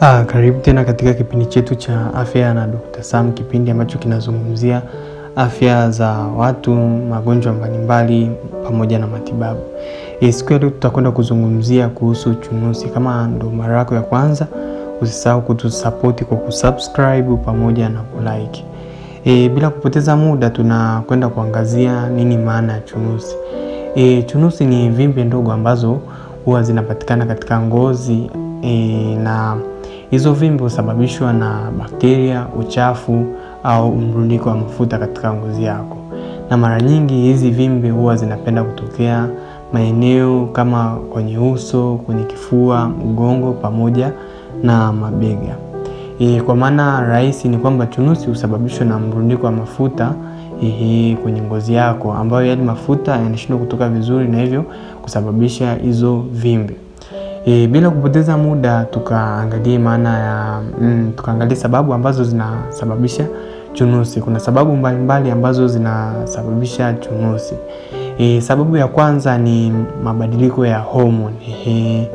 Ah, karibu tena katika kipindi chetu cha afya na Dr. Sam, kipindi ambacho kinazungumzia afya za watu, magonjwa mbalimbali pamoja na matibabu. E, siku ya leo tutakwenda kuzungumzia kuhusu chunusi Kama ndo mara yako ya kwanza, usisahau kutusapoti kwa kusubscribe pamoja na kulike. E, bila kupoteza muda tunakwenda kuangazia nini maana ya chunusi. E, chunusi ni vimbe ndogo ambazo huwa zinapatikana katika ngozi e, na hizo vimbe husababishwa na bakteria, uchafu au mrundiko wa mafuta katika ngozi yako, na mara nyingi hizi vimbe huwa zinapenda kutokea maeneo kama kwenye uso, kwenye kifua, mgongo pamoja na mabega. E, kwa maana rahisi ni kwamba chunusi husababishwa na mrundiko wa mafuta ehe, kwenye ngozi yako ambayo yale yaani mafuta yanashindwa kutoka vizuri na hivyo kusababisha hizo vimbe. E, bila kupoteza muda tukaangalie maana ya mm, tukaangalie sababu ambazo zinasababisha chunusi. Kuna sababu mbalimbali mbali ambazo zinasababisha chunusi. E, sababu ya kwanza ni mabadiliko ya homoni. E,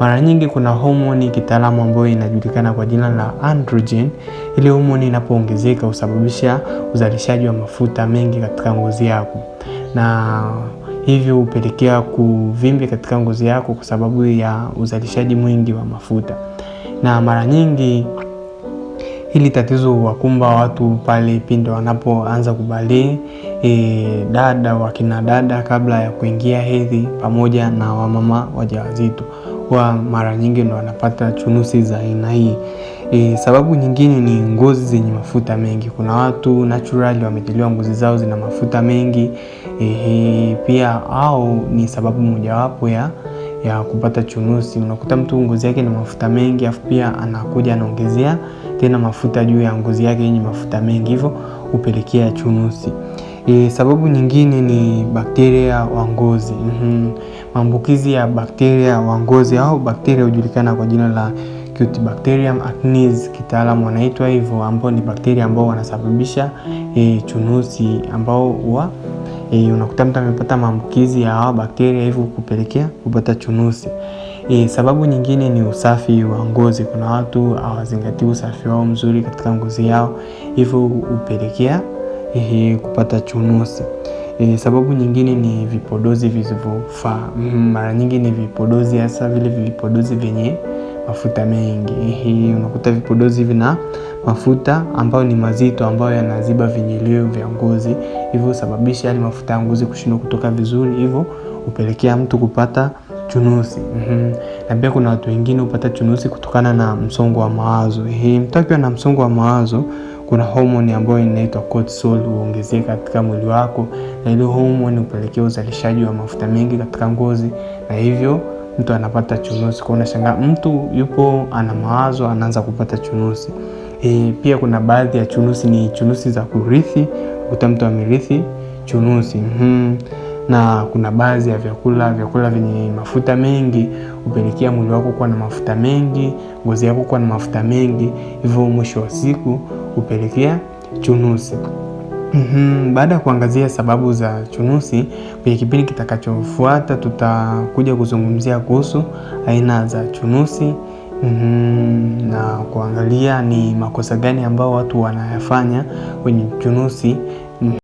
mara nyingi kuna homoni kitaalamu ambayo inajulikana kwa jina la androgen. Ile homoni inapoongezeka husababisha uzalishaji wa mafuta mengi katika ngozi yako na hivyo hupelekea kuvimbi katika ngozi yako kwa sababu ya uzalishaji mwingi wa mafuta. Na mara nyingi hili tatizo huwakumba watu pale pindi wanapoanza kubalii, e, dada wakina dada kabla ya kuingia hedhi, pamoja na wamama wajawazito, huwa mara nyingi ndo wanapata chunusi za aina hii. E, sababu nyingine ni ngozi zenye mafuta mengi. Kuna watu naturally wametiliwa ngozi zao zina mafuta mengi e, pia au ni sababu mojawapo ya ya kupata chunusi. Unakuta mtu ngozi yake na mafuta mengi, afu pia anakuja anaongezea tena mafuta juu ya ngozi yake yenye mafuta mengi, hivyo hupelekea chunusi. E, sababu nyingine ni bakteria wa ngozi. Mm-hmm. Maambukizi ya bakteria wa ngozi au bakteria hujulikana kwa jina la Cutibacterium acnes kitaalamu wanaitwa hivyo, ambao ni bakteria ambao wanasababisha e, chunusi ambao huwa e, unakuta mtu amepata maambukizi ya hawa bakteria, hivyo kupelekea kupata chunusi. E, sababu nyingine ni usafi wa ngozi. Kuna watu hawazingatii usafi wao mzuri katika ngozi yao, hivyo hupelekea e, kupata chunusi. E, sababu nyingine ni vipodozi visivyofaa. Mara nyingi ni vipodozi, hasa vile vipodozi vyenye mafuta mengi. Unakuta vipodozi vina mafuta ambayo ni mazito ambayo yanaziba vinyeleo vya ngozi, hivyo husababisha yale yaani mafuta ya ngozi kushindwa kutoka vizuri, hivyo hupelekea mtu kupata chunusi. Mm-hmm. Na pia kuna watu wengine hupata chunusi kutokana na msongo wa mawazo. Mtu akiwa na msongo wa mawazo, kuna homoni ambayo inaitwa cortisol huongezeka katika mwili wako, na ile homoni hupelekea uzalishaji wa mafuta mengi katika ngozi na hivyo mtu anapata chunusi. Kwa unashanga mtu yupo ana mawazo anaanza kupata chunusi. E, pia kuna baadhi ya chunusi ni chunusi za kurithi, kuta mtu amerithi chunusi mm-hmm. Na kuna baadhi ya vyakula vyakula vyenye mafuta mengi hupelekea mwili wako kuwa na mafuta mengi, ngozi yako kuwa na mafuta mengi, hivyo mwisho wa siku hupelekea chunusi. Mm -hmm. Baada ya kuangazia sababu za chunusi, kwenye kipindi kitakachofuata tutakuja kuzungumzia kuhusu aina za chunusi mm -hmm. na kuangalia ni makosa gani ambao watu wanayafanya kwenye chunusi.